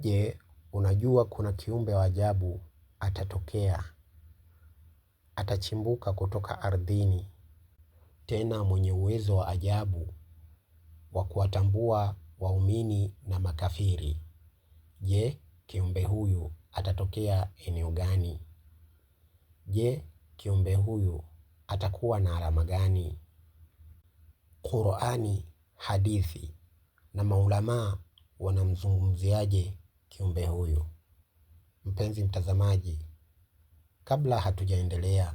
Je, unajua kuna kiumbe wa ajabu atatokea, atachimbuka kutoka ardhini, tena mwenye uwezo wa ajabu wa kuwatambua waumini na makafiri. Je, kiumbe huyu atatokea eneo gani? Je, kiumbe huyu atakuwa na alama gani? Qur'ani, hadithi na maulamaa wanamzungumziaje kiumbe huyu. Mpenzi mtazamaji, kabla hatujaendelea,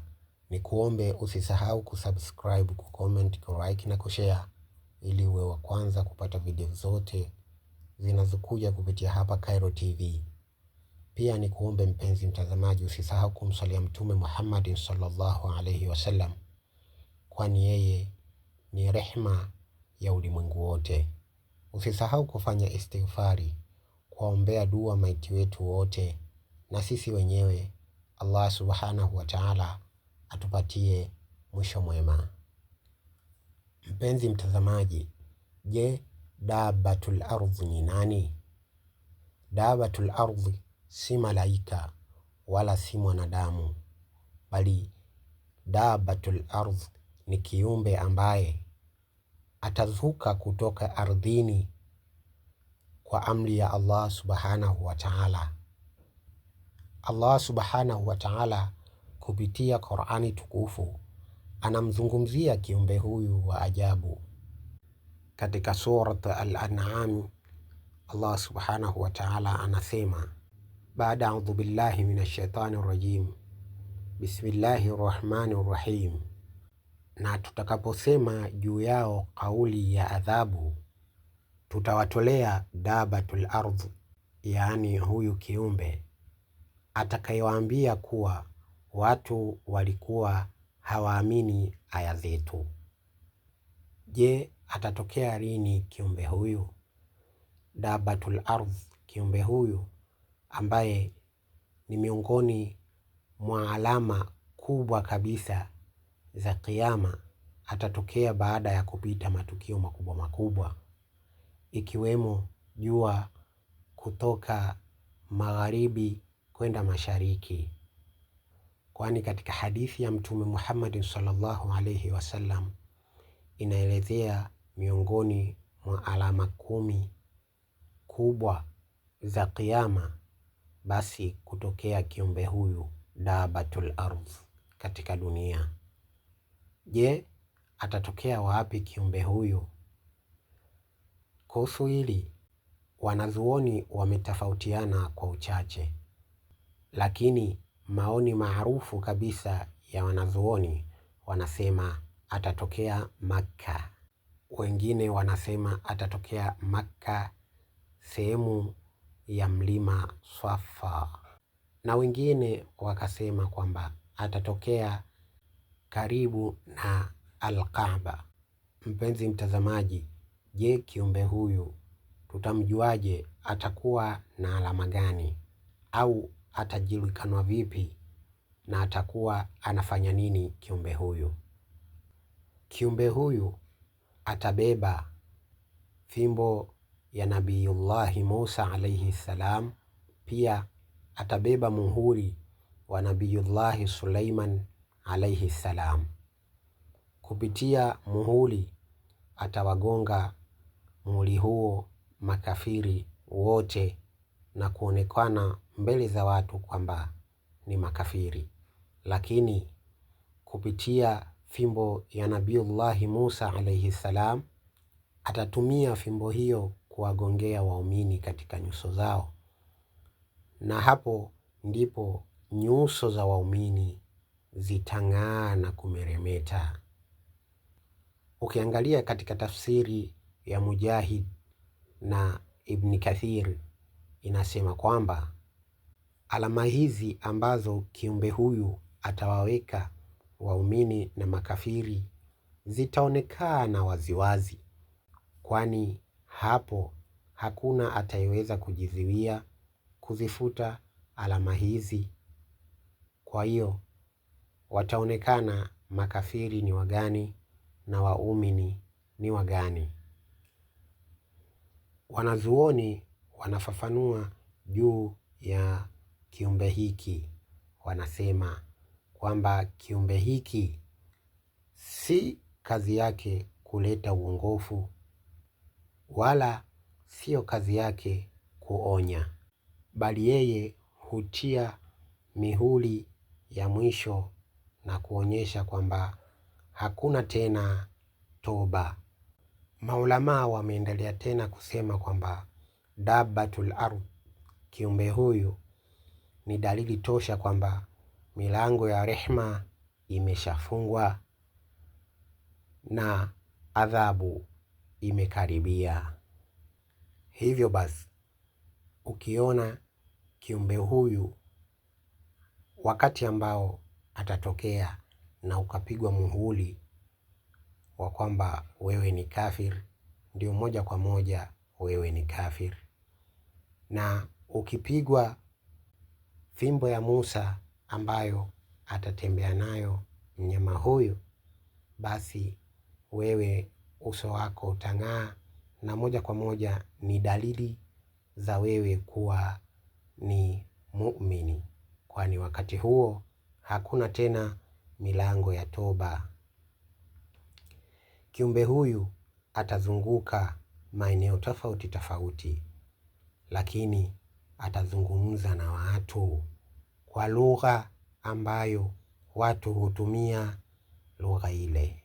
ni kuombe usisahau kusubscribe, kucomment, kulike na kushare ili uwe wa kwanza kupata video zote zinazokuja kupitia hapa Khairo TV. Pia ni kuombe mpenzi mtazamaji, usisahau kumsalia Mtume Muhammad sallallahu alaihi wasallam, kwani yeye ni rehma ya ulimwengu wote. Usisahau kufanya istighfari kuwaombea dua maiti wetu wote na sisi wenyewe. Allah subhanahu wa taala atupatie mwisho mwema. Mpenzi mtazamaji, je, Dabatul Ardhi ni nani? Dabatul Ardhi si malaika wala si mwanadamu, bali Dabatul Ardhi ni kiumbe ambaye atazuka kutoka ardhini kwa amri ya Allah subhanahu wa taala. Allah subhanahu wa taala kupitia Qurani tukufu anamzungumzia kiumbe huyu wa ajabu katika Surat Al-An'am. Allah subhanahu wa taala anasema baada audhu billahi minash shaitani rajim bismillahi rahmani rahim, na tutakaposema juu yao kauli ya adhabu tutawatolea dabatul ardhi, yaani huyu kiumbe atakayewaambia kuwa watu walikuwa hawaamini aya zetu. Je, atatokea lini kiumbe huyu? Dabatul ardhi, kiumbe huyu ambaye ni miongoni mwa alama kubwa kabisa za kiama atatokea baada ya kupita matukio makubwa makubwa ikiwemo jua kutoka magharibi kwenda mashariki, kwani katika hadithi ya Mtume Muhammad sallallahu alaihi wasallam inaelezea miongoni mwa alama kumi kubwa za Kiyama, basi kutokea kiumbe huyu dabatul ardh katika dunia. Je, atatokea wapi kiumbe huyu? Kuhusu hili, wanazuoni wametofautiana kwa uchache, lakini maoni maarufu kabisa ya wanazuoni wanasema atatokea Makka. Wengine wanasema atatokea Makka sehemu ya mlima Swafa, na wengine wakasema kwamba atatokea karibu na alqaba Mpenzi mtazamaji, Je, kiumbe huyu tutamjuaje? Atakuwa na alama gani? Au atajulikanwa vipi? Na atakuwa anafanya nini kiumbe huyu? Kiumbe huyu atabeba fimbo ya Nabiyullahi Musa alaihi ssalam, pia atabeba muhuri wa Nabiyullahi Suleiman alaihi salam. Kupitia muhuri atawagonga mwili huo makafiri wote na kuonekana mbele za watu kwamba ni makafiri. Lakini kupitia fimbo ya Nabiullahi Musa alaihi ssalam, atatumia fimbo hiyo kuwagongea waumini katika nyuso zao, na hapo ndipo nyuso za waumini zitang'aa na kumeremeta. Ukiangalia katika tafsiri ya Mujahid na Ibn Kathir inasema kwamba alama hizi ambazo kiumbe huyu atawaweka waumini na makafiri zitaonekana waziwazi, kwani hapo hakuna atayeweza kujizuia kuzifuta alama hizi. Kwa hiyo wataonekana makafiri ni wagani na waumini ni wagani. Wanazuoni wanafafanua juu ya kiumbe hiki, wanasema kwamba kiumbe hiki si kazi yake kuleta uongofu wala siyo kazi yake kuonya, bali yeye hutia mihuri ya mwisho na kuonyesha kwamba hakuna tena toba. Maulamaa wameendelea tena kusema kwamba dabbatul ardh, kiumbe huyu ni dalili tosha kwamba milango ya rehma imeshafungwa na adhabu imekaribia. Hivyo basi, ukiona kiumbe huyu wakati ambao atatokea na ukapigwa muhuri wa kwamba wewe ni kafir, ndio moja kwa moja wewe ni kafir. Na ukipigwa fimbo ya Musa ambayo atatembea nayo mnyama huyu, basi wewe uso wako utang'aa, na moja kwa moja ni dalili za wewe kuwa ni muumini, kwani wakati huo hakuna tena milango ya toba Kiumbe huyu atazunguka maeneo tofauti tofauti, lakini atazungumza na watu kwa lugha ambayo watu hutumia lugha ile.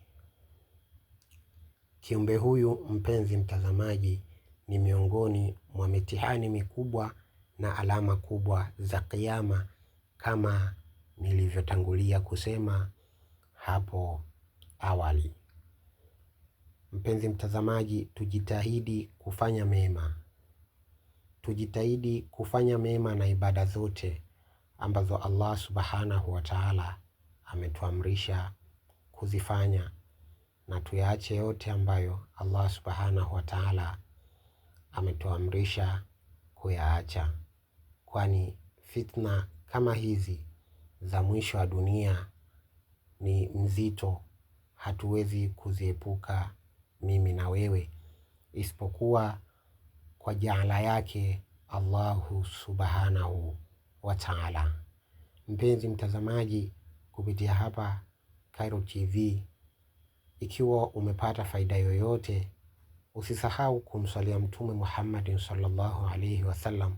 Kiumbe huyu mpenzi mtazamaji, ni miongoni mwa mitihani mikubwa na alama kubwa za Kiyama kama nilivyotangulia kusema hapo awali. Mpenzi mtazamaji, tujitahidi kufanya mema, tujitahidi kufanya mema na ibada zote ambazo Allah subhanahu wa taala ametuamrisha kuzifanya, na tuyaache yote ambayo Allah subhanahu wa taala ametuamrisha kuyaacha, kwani fitna kama hizi za mwisho wa dunia ni mzito, hatuwezi kuziepuka mimi na wewe isipokuwa kwa jaala yake Allahu subhanahu wa taala. Mpenzi mtazamaji, kupitia hapa Khairo TV, ikiwa umepata faida yoyote, usisahau kumswalia Mtume Muhammadin sallallahu alaihi wasallam,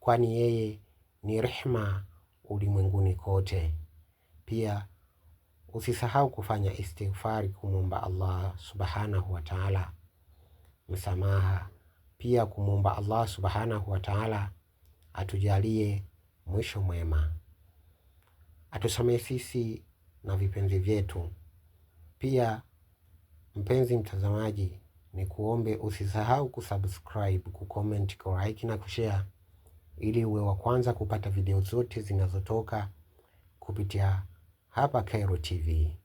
kwani yeye ni rehma ulimwenguni kote. Pia Usisahau kufanya istighfari kumwomba Allah subhanahu wa taala msamaha, pia kumwomba Allah subhanahu wa taala atujalie mwisho mwema, atusamehe sisi na vipenzi vyetu. Pia mpenzi mtazamaji, ni kuombe usisahau kusubscribe, kucomment, kulike na kushare ili uwe wa kwanza kupata video zote zinazotoka kupitia hapa Khairo TV.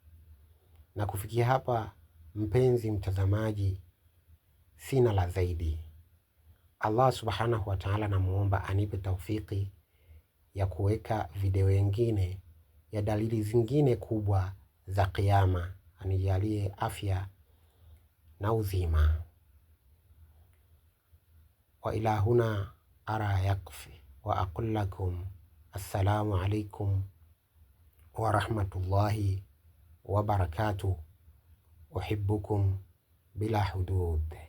Na kufikia hapa, mpenzi mtazamaji, sina la zaidi. Allah subhanahu wa ta'ala, namuomba anipe taufiki ya kuweka video nyingine ya dalili zingine kubwa za Kiyama, anijalie afya na uzima. Wa ila huna ara yakfi wa aqul lakum assalamu alaikum ورحمة الله وبركاته أحبكم بلا حدود